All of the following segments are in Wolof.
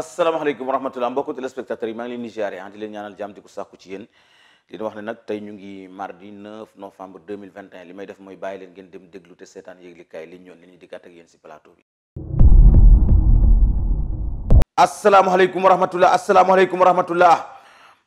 asalaamaaleykum wa rahmatulah mbokku téléspectateurs yi maa ngi leen di ah, ñaanal jàmm di ko sàkku ci yéen di leen wax ne nag tey ñu ngi mardi 9 novembre 2021 li may def mooy bàyyi leen ngeen dem déglu te seetaan yëglikaay li ñoon li ñuy diggaat ak yéen si plateau bi. asalaamaaleykum wa rahmatulah asalaamaaleykum wa rahmatulah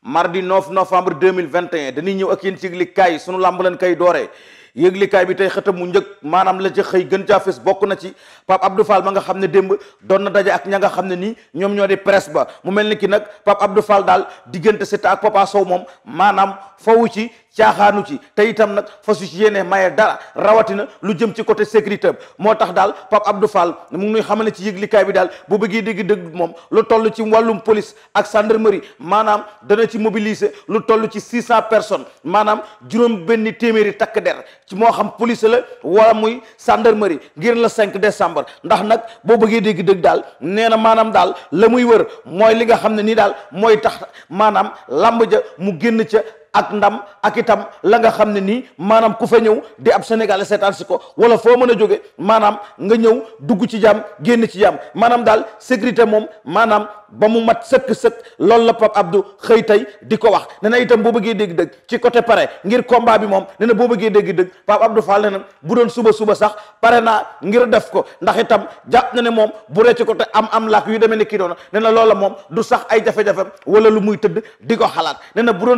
mardi 9 novembre 2021 dañuy ñëw ak yéen ci yëglikaay sunu làmb leen kay doore. yëglikaay bi tey xëtam mu njëkk maanaam la ca xëy gën ca fës bokk na ci Pape Abdou Fall ma nga xam ne démb doon na daje ak ña nga xam ne nii ñoom ñoo di presse ba mu mel ni ki nag Pape Abdou Fall daal diggante Siteu ak Papa moom maanaam fawu ci caaxaanu ci te itam nag fasu ci yéene maye dara rawatina lu jëm ci côté sécurité moo tax daal Pape Abdou Fall mu ngi xamal na ci yëglikaay bi daal bu bëggee dégg dëgg moom lu toll ci wàllum police ak gendarmerie maanaam dana ci mobiliser lu toll ci six cent personnes maanaam juróom benni téeméeri takk der ci moo xam police la wala muy gendarmerie ngir la 5 décembre ndax nag boo bëggee dégg dëgg daal nee na maanaam daal la muy wër mooy li nga xam ne nii daal mooy tax maanaam làmb ja mu génn ca ak ndam ak itam la nga xam ne nii maanaam ku fa ñëw di ab sénégalais seetaan si ko wala foo mën a jóge maanaam nga ñëw dugg ci jàmm génn ci jàmm maanaam daal sécurité moom maanaam ba mu mat sëkk-sëkk loolu la Pape Abdou xëy tey di ko wax ne na itam boo bëggee dégg dëgg ci côté pare ngir bi moom ne na boo bëggee dégg dëgg Pape Abdou Fall na bu doon suba suba sax pare naa ngir def ko ndax itam jàpp na ne moom bu ree ci côté am am laak yu deme ne kii doona ne na loola moom du sax ay jafe-jafe wala lu muy tëdd di ko xalaat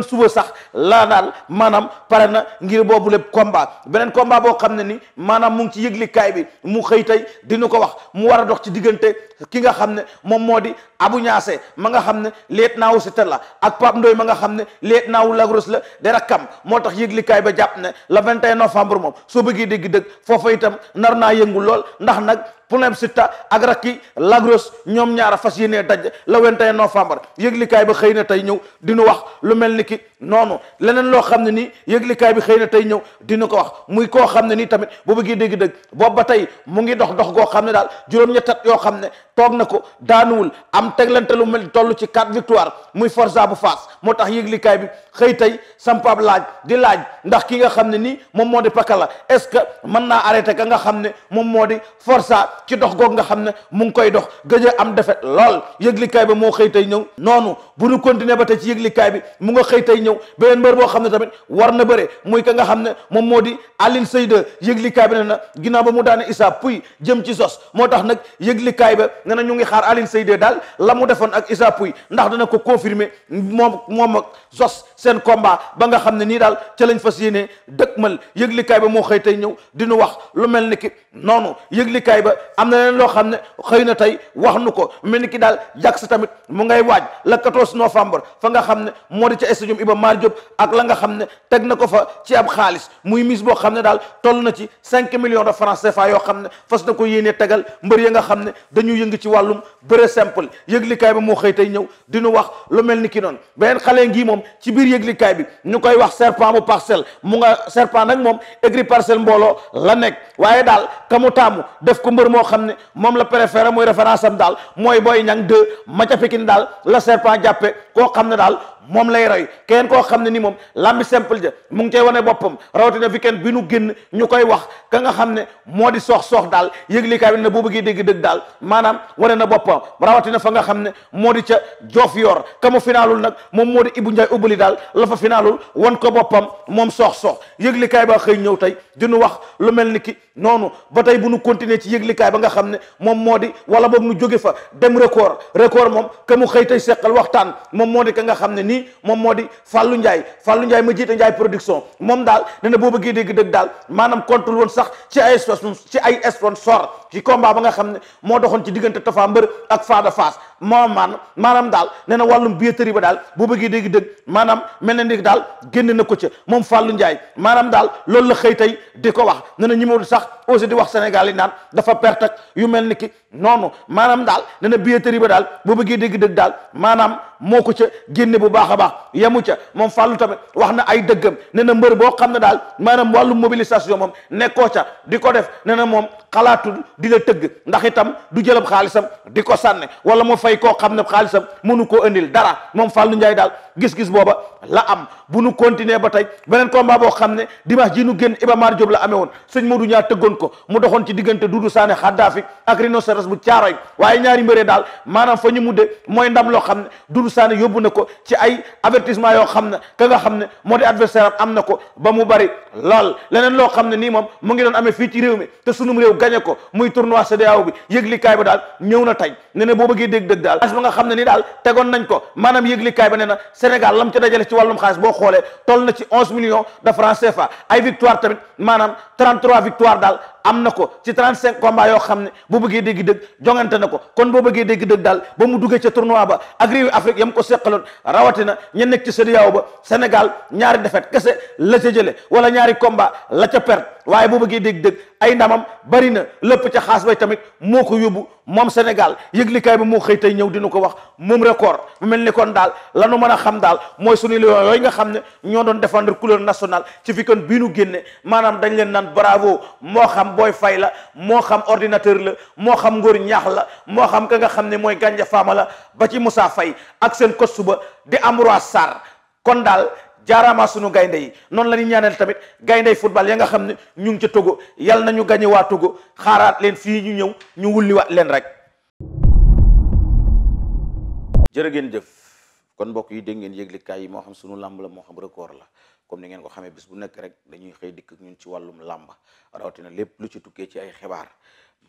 suba sax laa naal maanaam pare na ngir boobu lépp combat beneen combat boo xam ne ni maanaam mu ngi ci yëglikaay bi mu xëy tey dinu ko wax mu war a dox ci diggante ki nga xam ne moom moo di abu ñaase ma nga xam ne leet naawu si la ak Pape Ndoy ma nga xam ne leet naawu lagros la de rakkam moo tax yëglikaay ba jàpp ne le 21 novembre moom soo bëggee dégg dëgg foofa itam nar naa yëngu lool ndax nag Poulain Sitta ak Rakki Lagros ñoom ñaara fas yéenee daj le 21 novembre yëglikaay ba xëy na tey ñëw dinu wax lu mel ni ki noonu leneen loo xam ne nii yëglikaay bi xëy na tey ñëw dina ko wax muy koo xam ne nii tamit bu bëggee dégg-dëgg boobu ba tey mu ngi dox dox goo xam ne daal juróom ñettat yoo xam ne toog na ko daanuwul am teglante lu mel toll ci quatre victoire muy forsa bu Fass moo tax yëglikaay bi xëy tey sampaab laaj di laaj ndax ki nga xam ne nii moom moo di pakala est-ce que mën naa arrêté ka nga xam ne moom moo di Forza ci dox goog nga xam ne mu ngi koy dox gëj a am defet lool yëglikaay ba moo xëy tey ñëw noonu bu nu continuer ba tey ci yëglikaay bi mu nga xëy tey ñëw beneen mbër boo xam ne tamit war na bëre muy ka nga xam ne moom moo di Alioune Seye 2 yëglikaay bi ne na ginnaaw ba mu daane Issa Pouye jëm ci moo tax nag yëglikaay ba ne na ñu ngi xaar Alioune Seye daal la mu defoon ak Issa Pouye ndax dana ko confirmer moom moom ak sos seen combat ba nga xam ne nii daal ca lañ fas dëkk dëkkmal yëglikaay bi moo xëy tey ñëw di wax lu mel ni ki noonu yëglikaay ba am na leen loo xam ne xëy na tey wax nu ko mel ni ki daal jàk si tamit mu ngay 14 novembre fa nga xam ne moo di ca stadium Iba Mar Diop ak la nga xam ne teg na ko fa ci ab xaalis muy mise boo xam ne daal toll na ci 5 millions de francs CFA yoo xam ne fas na ko yéenee tegal mbër ya nga xam ne dañu yëngu ci wàllum bëre simple yëglikaay ba moo xëy tey ñëw dinu wax lu mel ni ki noonu beneen xale ngi moom ci biir yëglikaay bi ñu koy wax serpent bu parcelle mu nga serpent nag moom écrit parcelle mbooloo la nekk waaye daal kamu taamu jàppe koo xam ne daal moom lay roy kenn koo xam ne ni moom lambi simple ja mu ngi cay wane boppam rawatina kenn bi nu génn ñu koy wax ka nga xam ne moo di soox soox daal yëglikaay bi ne boo bëggee dégg dëgg daal maanaam wane na boppam rawatina fa nga xam ne moo di ca joof yor ka mu finaalul nag moom moo di Ibou Ndiaye ubbali daal la fa finaalul wan ko boppam moom soox soox yëglikaay ba xëy ñëw tey di wax lu mel ni ki noonu ba tey bu nu continuer ci yëglekaay ba nga xam ne moom moo di wala boog nu jóge fa dem record record moom ka mu xëy tey seqal waxtaan moom moo di ka nga xam ne nii nii moom moo di Fallou Ndiaye Fallou Ndiaye ma jiite Ndiaye production moom daal ne na boo bëggee dégg dëgg daal maanaam kontul woon sax ci ay ci ci combat ba nga xam ne moo doxoon ci diggante Tafa Mbër ak Fada Fass moom maanaam maanaam daal ne na wàllum billetterie ba daal boo bëggee dégg dëgg maanaam mel na ni daal génne na ko ca moom Fallou Ndiaye maanaam daal loolu la xëy tey di ko wax ne na ñi ma sax aussi di wax Sénégal yi naan dafa perte yu mel ni noonu maanaam daal ne na billetterie ba daal boo bëggee dégg-dëgg daal maanaam moo ko ca génne bu baax a baax yemu ca moom fàllu tamit wax na ay dëggam ne na mbër boo xam ne daal maanaam wàllu mobilisation moom nekkoo ca di ko def ne na moom xalaatul di la tëgg ndax itam du jëlab xaalisam di ko sànne wala mu fay koo xam ne xaalisam mënu koo indil dara moom fàllu njaay daal gis-gis booba la am bu nu continuer ba tey beneen combat boo xam ne dimanche ji nu génn Iba Mar Diop la amee woon sëñ Modou ñaa tëggoon ko mu doxoon ci diggante Doudou Sané Xaddaafi ak Rhinocéros Fass bu caaroy waaye ñaari mbëree daal maanaam fa ñu mudde mooy ndam loo xam ne Doudou Sané yóbbu na ko ci ay avertissement yoo xam ne ka nga xam ne mu moom mu ngi doon amee fii ci réew mi te sunum réew gañe ko muy tournoi CEDEAO bi yëglikaay ba daal ñëw na tey ne boo bëggee dégg dëgg daal xaalis ba nga xam ne nii daal tegoon nañ ko maanaam yëglikaay ba nee na Sénégal lam ca dajale ci wàllum xaalis boo xoolee toll na ci onze millions de francs am na ko ci 35 combats yoo xam ne boo bëggee dégg dëgg jongante na ko kon boo bëggee dégg dëgg dal ba mu duggee ca tournoi ba ak réewi Afrique yam ko seqaloon rawatina ña nekk ci CEDEAO ba Sénégal ñaari défaite kese la ca jële wala ñaari combat la ca per waaye boo bëggee dégg dëgg ay ndamam bari na lépp ca xaas bay tamit moo ko yóbbu moom Sénégal yëglikaay bi moo xëy tey ñëw dina ko wax moom record mu mel ni kon daal la nu mën a xam daal mooy sunu lion yooyu nga xam ne ñoo doon défendre couleur nationale ci fi kon bii nu génne maanaam dañ leen naan bravo moo xam booy fay la moo xam ordinateur la moo xam Ngor ñaax la moo xam ka nga xam ne mooy Ganja faama la ba ci Moussa fay ak seen coach ba di Ambroise Sarr kon daal jaaraama sunu gaynde yi noonu la ñuy ñaanal tamit gaynde football ya nga xam ne ñu ngi ca Togo yal na ñu gañe waa xaaraat leen fii ñu ñëw ñu wulliwaat leen rek. jërë ngeen jëf kon mbokk yi dégg ngeen yëglikaay yi moo xam sunu làmb la moo xam record la. comme ni ngeen ko xamee bis bu nekk rek dañuy xëy dikk ñun ci wàllum làmb rawatina lépp lu ci tukkee ci ay xibaar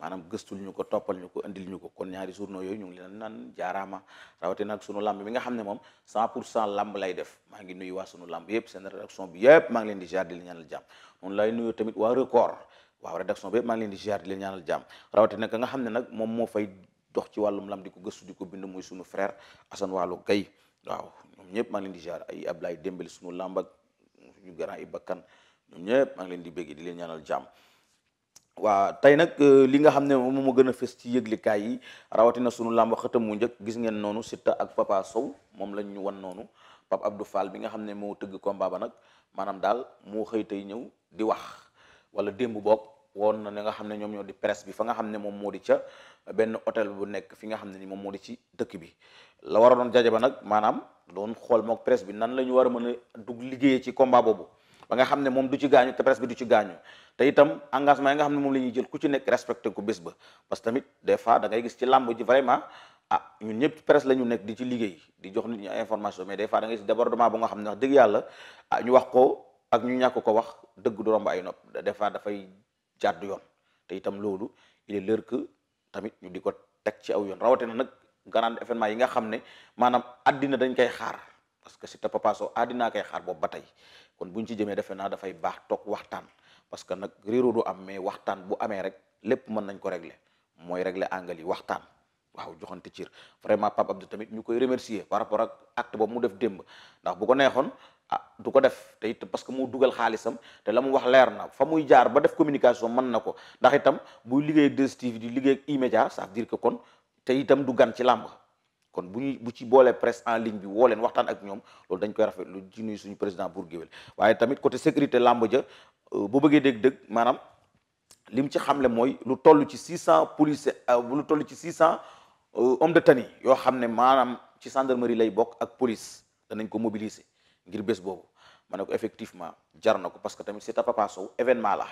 maanaam gëstul ñu ko toppal ñu ko indil ñu ko kon ñaari journaux yooyu ñu ngi leen naan jaaraama rawatina ak sunu lamb bi nga xam ne moom 100 pour cent lamb lay def maa ngi nuyu waa sunu lamb yëpp seen rédaction bi yëpp maa ngi leen di jaar di leen ñaanal jàmm noonu lay nuyu tamit waa record waaw rédaction maa ngi di jaar di leen ñaanal jàmm rawatina ka xam ne nag moom moo fay dox ci wàllum lamb di ko gëstu ko bind muy sunu frère Assane Waalo Gaye waaw ñoom ñëpp maa ngi leen jaar ay Ablaye Dembélé sunu lamb ak ñu grand bakkan ñoom ñëpp maa ngi leen di bégg di leen ñaanal jàmm waaw tey nag euh, li nga xam ne moom moo gën a fës ci yëglikaay yi rawatina sunu làmb xëtam mu njëkk gis ngeen noonu Siteu ak Papa Sow moom lañ ñu wan noonu Pape Abdou Fall bi nga xam ne moo tëgg combat ba nag maanaam daal moo xëy tey ñëw di wax wala démb boog woon na li nga xam ne ñoom ñoo di presse bi fa nga xam ne moom moo di ca benn hôtel bu nekk fi nga xam ne nii moom moo di ci dëkk bi la war a doon jaje ba nag maanaam doon xool mook presse bi nan la ñu war a mën a dugg liggéeyee ci combat boobu ba nga xam ne moom du ci gaañu te presse bi du ci gaañu te itam engagement yi nga xam ne moom la ñuy jël ku ci nekk respecté ko bés ba parce que tamit des fois gis ci làmb ji vraiment ah, ñëpp presse la ñu nekk di ci liggéey di jox nit ñi information mais des fois da ngay gis débordement ba nga ah, ñu wax ko ak ñu ñàkk ko wax dëgg du ay nopp des fois dafay jàddu yoon te itam loolu il tamit ñu di ko teg ci aw yoon rawatina nag grand événement yi nga xam ne maanaam àddina dañ koy xaar parce que Siteu Papa Sow aadinaa koy xaar boobu ba tey kon buñ ci jëmee defe naa dafay baax toog waxtaan parce que nag réeroo du am mais waxtaan bu amee rek lépp mën nañ ko regle mooy régler angle yi waxtaan waaw joxante ciir vraiment Pape tamit ñu koy remercier par rapport ak acte boobu mu def démb ndax bu ko neexoon ah du ko def te it parce que moo dugal xaalisam te la mu wax leer na fa muy jaar ba def communication mën na ko ndax itam buy liggéey ak 2STV di liggéey ak E-Media ça dire que kon te itam du gan ci làmb kon bu ñu bu ci boolee presse en ligne bi wooleen waxtaan ak ñoom loolu dañ koy rafetlu lu nuyu suñu président Bour Guéweul waaye tamit côté sécurité làmb ja euh, boo bëggee dégg-dëgg maanaam lim ci xamle mooy lu toll ci 600 police euh, lu toll ci 600 euh, hommes de tenue yoo xam ne maanaam ci gendarmerie lay bokk ak police danañ ko mobiliser ngir bés boobu ma ne ko effectivement jar na ko parce que tamit c'est à Papa Sow événement la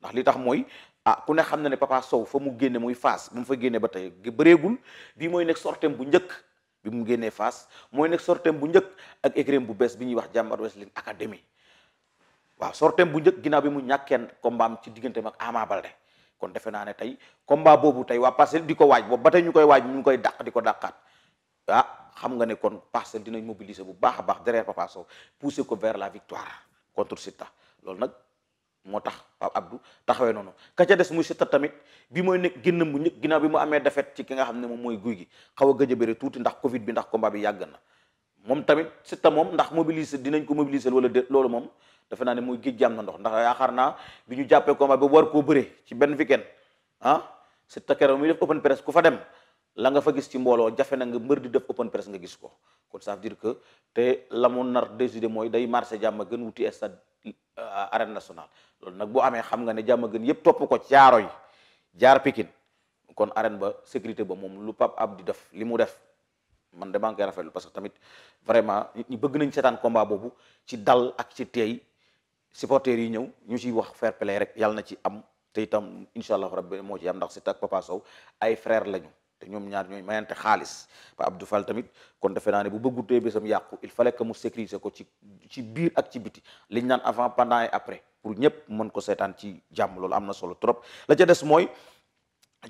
ndax li tax mooy ah ku ne xam na ne papa Sow fa mu génne muy Fass ba mu fa génnee ba tey bëreegul bii mooy nekk sortem bu njëkk bi mu génnee Fass mooy nekk sortem bu njëkk ak écrim bu bees bi ñuy wax Jàmbaar Wrestling Academy waaw sortem bu njëkk ginnaaw bi mu ñàkkeen kombaam ci digganteem ak Ama Balde kon defe naa ne tey combat boobu tey waa parcelle di ko waaj boobu ba tey ñu koy waaj ñu ngi koy dàq di ko dàqaat ah xam nga ne kon parcelle dinañ mobiliser bu baax a baax derrière Papa Sow pousser ko vers la victoire contre Siteu loolu nag moo tax Pape Abdou taxawee noonu ka ca des muy Siteu tamit bi mooy nekk génnam bu njëkk ginnaaw bi mu amee defet ci ki nga xam ne moom mooy guy gi xaw a gëj a bëre tuuti ndax Covid bi ndax combat bi yàgg na moom tamit Siteu moom ndax mobiliser dinañ ko mobiliser wala de loolu moom defe naa ne mooy géej jaam na ndox ndax yaakaar naa bi ñu jàppee combat bi war koo bëre ci benn weekend ah Siteu keroog muy def open press ku fa dem la nga fa gis ci mbooloo jafe na nga mbër di def open press nga gis ko kon ça veut que te la mu nar décider mooy day marché jàmm gën wuti stade Euh, arène nationale loolu nag boo amee xam nga ne jàmm gën yëpp topp ko caaro yi jaar pikin kon arène ba sécurité ba moom lu Pape Abdi def li mu def man de maa ngi koy rafetlu parce que tamit vraiment nit ñi bëgg nañ seetaan combat boobu ci dal ak ci teey supporters yi ñëw ñu ciy wax fair play rek yàlla na ci am te itam incha allah rabbi moo ci am ndax Siteu ak Papa Sow ay frère lañu. te ñoom ñaar ñooy mayante xaalis Pa Abdou Fall tamit kon defe naa ne bu bëggutee sam yàqu il fallait que mu sécuriser ko ci ci biir ak ci biti liñ naan avant pendant et après pour ñëpp mën ko seetaan ci jàmm loolu am na solo trop la ca des mooy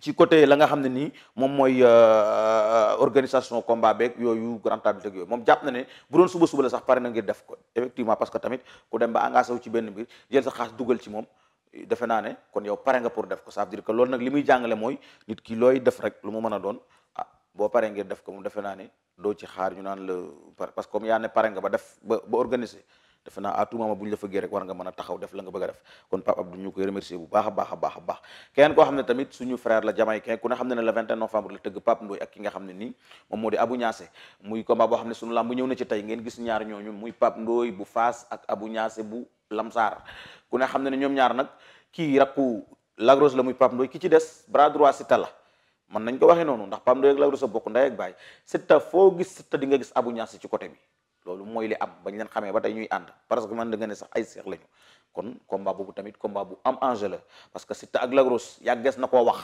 ci côté la nga xam ne nii moom mooy euh, euh, organisation combat beeg yooyu grand table ak yooyu moom jàpp na ne bu doon suba suba la sax pare na ngir def ko effectivement parce que tamit ku dem ba engagé wu ci benn mbir jël sa xaas dugal ci defe naa ne kon yow pare nga pour def ko ça veut dire que loolu nag li muy jàngale mooy nit ki looy def rek lu mu mën a doon ah boo paree ngir def ko mu defe naa ne doo ci xaar ñu naan la parce que comme yaa nga ba def ba ba organiser defe bu ñu war nga mën a taxaw def la nga bëgg a def koy remercier bu baax a baax a baax a baax keneen koo xam ne tamit suñu frère la jamaïcain ku ne xam ne ne le 21 novembre la tëgg Pape Ndoye ak ki nga xam ne nii moom moo di Abou Niassé muy combat boo xam ne suñu lamb ñëw na ci tey ngeen gis ñaar ñooñu muy Pape Ndoye bu Fass ak Abou Niassé bu Lamsaar ku ne xam ne ne ñoom ñaar nag kii rakku lagros la muy Pape Ndoye ki ci des bras droit Siteu la man nañ ko waxee noonu ndax Pape Ndoye ak Lagrosse a bokk ndey baay Siteu foo gis Siteu di nga gis Abou Niass ci côté bi loolu mooy li am bañ leen xamee ba tey ñuy ànd parce que man da nga ne ay seex lañu kon combat boobu tamit combat bu am enjeu la parce que Siteu ak Lagrosse yàggees na koo wax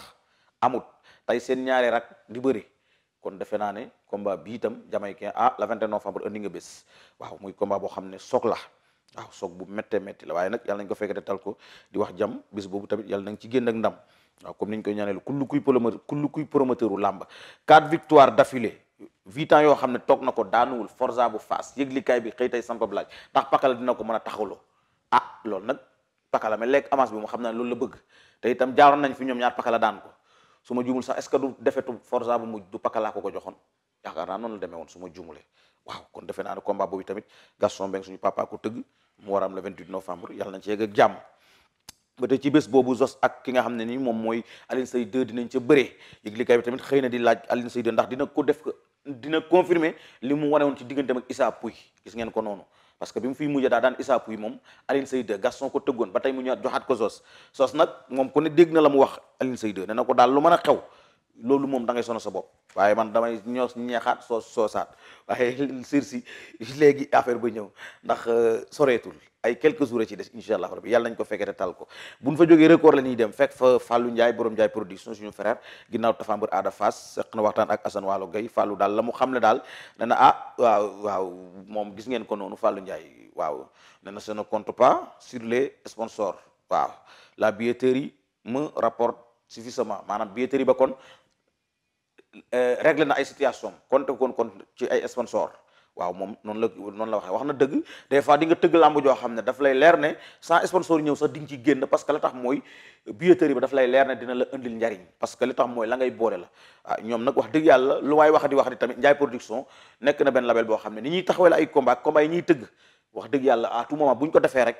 amut tey seen ñaari rak di bëri kon defe naa ne combat bi itam jamaïcain ah la 21 novembre indi nga bés waaw muy combat boo xam ne soog la waaw soog bu méttee métti la waaye nag yàlla nañ ko fekk te tal ko di wax jàmm bis boobu tamit yàlla nañ ci génn ndam waaw comme niñ xam ne toog na ko daanuwul Forza bu Fass yëglikaay bi xëy tey sampa blaaj ndax pakala ko mën a taxawloo ah loolu nag pakala lekk avance bi xam naa loolu la bëgg te itam nañ fi ñoom ñaar pakala daan ko su ma juumul sax est-ce que du defetu ko ko joxoon yaakaar woon su ma juumulee waaw kon defe naa ne combat boobu tamit Gaston Mbengue suñu papa ko tëgg mu war am le 28 novembre yàlla nañ ci yegg ak jàmm ba tey ci bés boobu Zos ak ki nga xam ne nii moom mooy Alioune Seye 2 dinañ ca bëree yëglikaay bi tamit xëy na di laaj alin Seye 2 ndax dina ko def ko dina confirmer li mu wane woon ci digganteem ak Issa Pouye gis ngeen ko noonu parce que bi mu fi mujj daa daan Issa Pouye moom Alioune Seye 2 Gaston ko tëggoon ba tey mu ñëwaat joxaat ko Zos Zos nag moom ko ne dégg na la mu wax Alioune Seye 2 nee na ko daal lu mën a xew loolu moom da ngay sono sa bopp waaye man damay ñoos ñeexaat soo soosaat waaye sur si léegi affaire ba ñëw ndax euh, soreetul ay quelques jours a ci des incha allah rabbi yàlla nañ ko fekkee fekkete tal ko buñ fa jogee record la ñuy dem fekk fa Fallou Ndiaye borom Ndiaye production suñu frère ginnaaw tafambër aada Fass seq na waxtaan ak Assane Waalo Gueye Fallou daal la mu xam daal ne na ah waaw waaw moom gis ngeen ko noonu Fallou Ndiaye waaw ne na ça ne compte pas sur les sponsors waaw la billetterie me rapporte suffisamment maanaam billetterie ba kon Euh, réglé na ay situation compte kon kon ci ay sponsor waaw moom noonu la noonu la waxee wax na dëgg des fois di nga tëgg làmb joo xam ne daf lay leer ne sans sponsor ñëw sax di nga génn parce que la tax mooy billetterie ba daf lay leer dina la indil njariñ parce que li tax mooy la ngay boole la ah ñoom nag wax dëgg yàlla lu waay wax di wax di tamit Ndiaye production nekk na benn label boo xam ne ni ñuy taxawal ay combat combat yi ñuy tëgg wax dëgg yàlla à tout moment bu ñu ko defee rek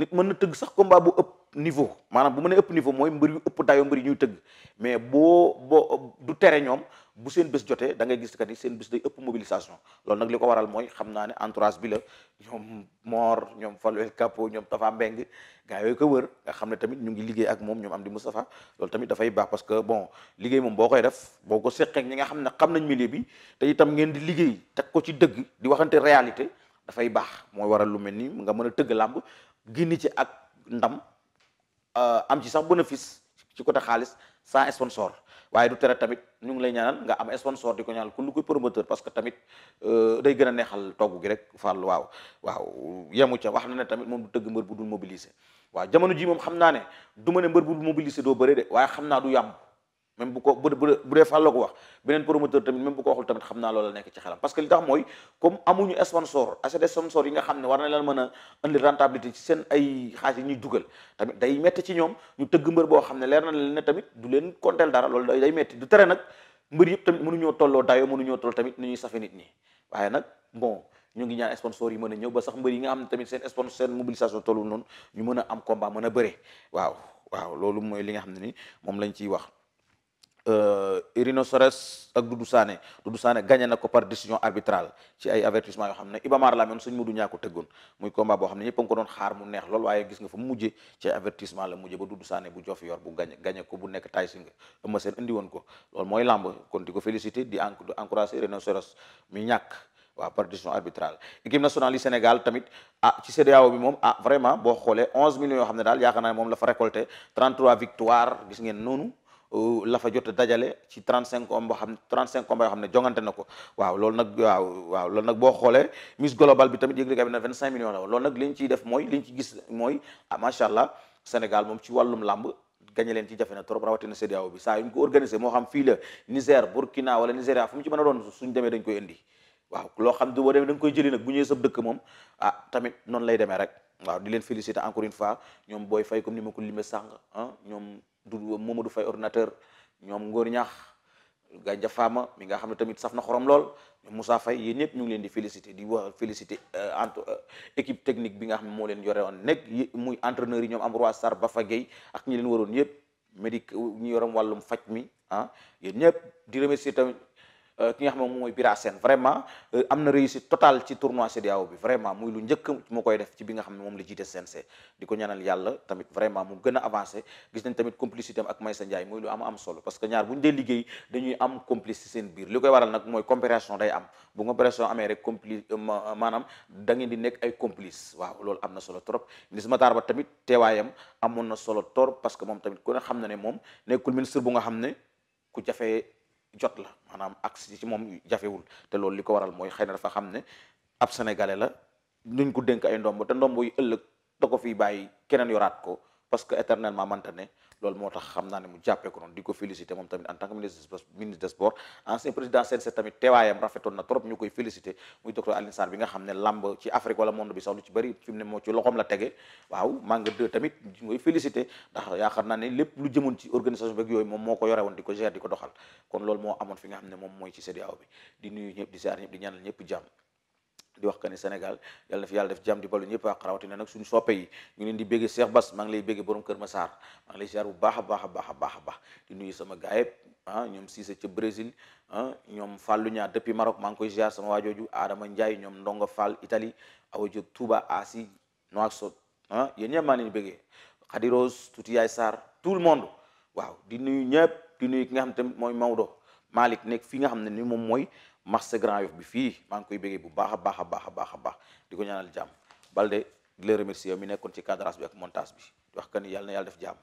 nit mën na tëgg sax combat bu ëpp niveau maanaam bu mën a ëpp niveau mooy mbër yu ëpp dayoo mbër yi ñuy tëgg mais boo boo du tere ñoom bu seen bés jotee da ngay gis kat ni seen bés day ëpp mobilisation loolu nag li ko waral mooy xam naa ne entourage bi la ñoom ñoom Fallou El Capo ñoom Tafa Mbeng gaa yooyu ko wër nga xam ne tamit ñu ngi liggéey ak moom ñoom am di Moustapha loolu tamit dafay baax parce que bon liggéey moom boo koy def boo ko seqeek ñi nga xam ne xam nañ milieu bi te itam ngeen di liggéey teg ko ci dëgg di waxante réalité dafay baax mooy waral lu mel ni nga mën a tëgg làmb génn ci ak ndam euh, am ci sax bénéfice ci côté xaalis sans sponsor waaye du tere tamit ñu ngi lay ñaanal nga am sponsor di ko ñaanal ku lu koy promoteur parce que tamit euh, day gën a neexal togg gi rek Fall waaw waaw yemu ca wax na ne tamit moom du tëgg mbër bu dul mobiliser waaw jamono ji moom xam naa ne du ma ne mbër bu dul mobilisé doo bëre de waaye xam naa du yam même bu ko bu bu dee Fall la ko wax beneen promoteur tamit même bu ko waxul tamit xam naa loola nekk ci xelam parce que li tax mooy comme amuñu sponsor assez sponsor yi nga a ay xaalis ci ñoom ñu tëgg mbër boo xam ne leer na leen tamit du leen konteel dara loolu day metti du tere nag mbër yëpp tamit mënuñoo tolloo dayoo mënuñoo tamit ni ñuy nit ñi waaye nag bon ñu ngi ñaan sponsor yi mën a ñëw ba sax mbër yi nga xam ne tamit seen sponsor seen mobilisation tollu noonu ñu mën a am combat mën a bëre waaw waaw loolu mooy li nga xam ne ni moom lañ ciy wax Euh, Rhinocéros ak Doudou Sané Doudou na ko par décision arbitrale ci ay avertissement yoo xam ne Ibamaar laa mel suñ mudu ñaa ko tëggoon muy combat boo xam ne ñëpp a ngi ko doon xaar mu neex lool waaye gis nga fa mujje ci ay avertissement la mujje ba Doudou Sané bu jof yor bu gagné gagné ko bu nekk tay si nga ëmma ko loolu mooy làmb kon di ko di encourager Rhinocéros mi ñàkk waaw par décision arbitrale équipe nationale yi Sénégal tamit ah ci bi moom ah vraiment boo xoolee 11 millions xam ne daal yaakaar naa moom la fa récolté 33 victoires gis ngeen noonu Euh, la fa jot dajale ci 35 combats xam 35 combats yoo xam ne jongante na ko waaw loolu nag waaw waaw boo xoolee Miss Global bi tamit yëgle bi na 25 millions la woon loolu nag li ñu def mooy li ñu ci gis mooy ah macha allah Sénégal moom ci wàllum làmb gañe leen ci jafe na trop rawatina CEDEAO bi saa yu ñu ko moo xam fii la Niger Burkina wala Nigeria fu ci mën a doon suñ demee dañ koy indi waaw loo xam du boo demee da koy jëli nag bu ñëwee sa dëkk moom ah tamit lay demee rek. waaw di leen féliciter encore une fois ñoom booy fay comme ni ma ko limee sànq ah ñoom du Momadou Fay ordinateur ñoom Ngor ñaax Gaja Fama mi nga xam ne tamit saf na xorom lool ñoom Moussa Fay yéen ñëpp ñu ngi leen di féliciter di wax féliciter euh, entre euh, équipe technique bi nga xam ne moo leen yore woon nekk muy entraîneurs yi ñoom Ambroise Sarr Bafa Gueye ak ñi leen waroon yëpp médic ñu yoroom wàllum faj mi ah yéen di remercier tamit. Euh, ki nga xam mooy Bira Sène vraiment euh, am na réussite totale ci tournoi CEDEAO bi vraiment muy lu njëkk mu koy def ci bi nga xam ne moom la jiite CNC di ko ñaanal yàlla tamit vraiment avancé gis nañ tamit complicité am ak Maysa Ndiaye muy am am solo parce que ñaar bu am complice ci biir li koy waral nag mooy comparaison day am bu comparaison amee rek complice euh, maanaam da ngeen di nekk ay complice waaw loolu am na solo trop ministre Matar Ba tamit teewaayam amoon na solo trop parce que moom tamit ku xam na ne moom nekkul bu nga xam ne ku jafee jot la maanaam accès ci moom jafewul te loolu li ko waral mooy xëy na dafa xam ne ab sénégalais la nuñ ko dénk ay ndomb te ndomb yi ëllëg da ko fi bàyyi keneen yoraat ko parce que éternellement mante ne loolu moo tax xam naa ne mu jàppee ko noonu di ko félicité moom tamit en tant que ministre ministre des sports ancien président CNG tamit teewaayam rafetoon na trop ñu koy félicité muy moo ci loxoom la tege waaw Manga 2 tamit ñu koy félicité ndax yaakaar naa ne lépp lu jëmoon ci organisation beeg yooyu moom moo ko yore woon di ko gérer di ko doxal kon loolu moo amoon fi nga xam ne moom mooy ci CEDEAO bi di nuyu ñëpp jàmm di wax que ne Sénégal yàlla na fi yàlla def jàmm di balu ñëpp ak rawatina nag suñu soppe yi ñu leen di bégge Cheikh Bass maa ngi lay bégge borom Kër Massar maa ngi lay ziar bu a baax a baax a baax a baax ah, ñoom Cissé ca Brésil ah ñoom Fallou ñaar depuis Maroc maa ngi koy ziar sama waajooju Adama Ndiaye ñoom Ndongo Fall Italie Awa Diop Touba Asi Nouakchott ah yéen ñëpp maa ngi leen di béggee Khady Rose tuuti Yaay Sarr tout le monde waaw di nuyu ñëpp di nuy ki nga xam te mooy Maodo Malick nekk fi nga xam ne ni moom mooy marché Grand Yoff bi fii maa ngi koy béggee bu baax a baax a baax a baax a baax di ko ñaanal jàmm Balde di la remercier yow mi nekkoon ci cadrage bi ak montage bi di wax que ni yàlla na def jàmm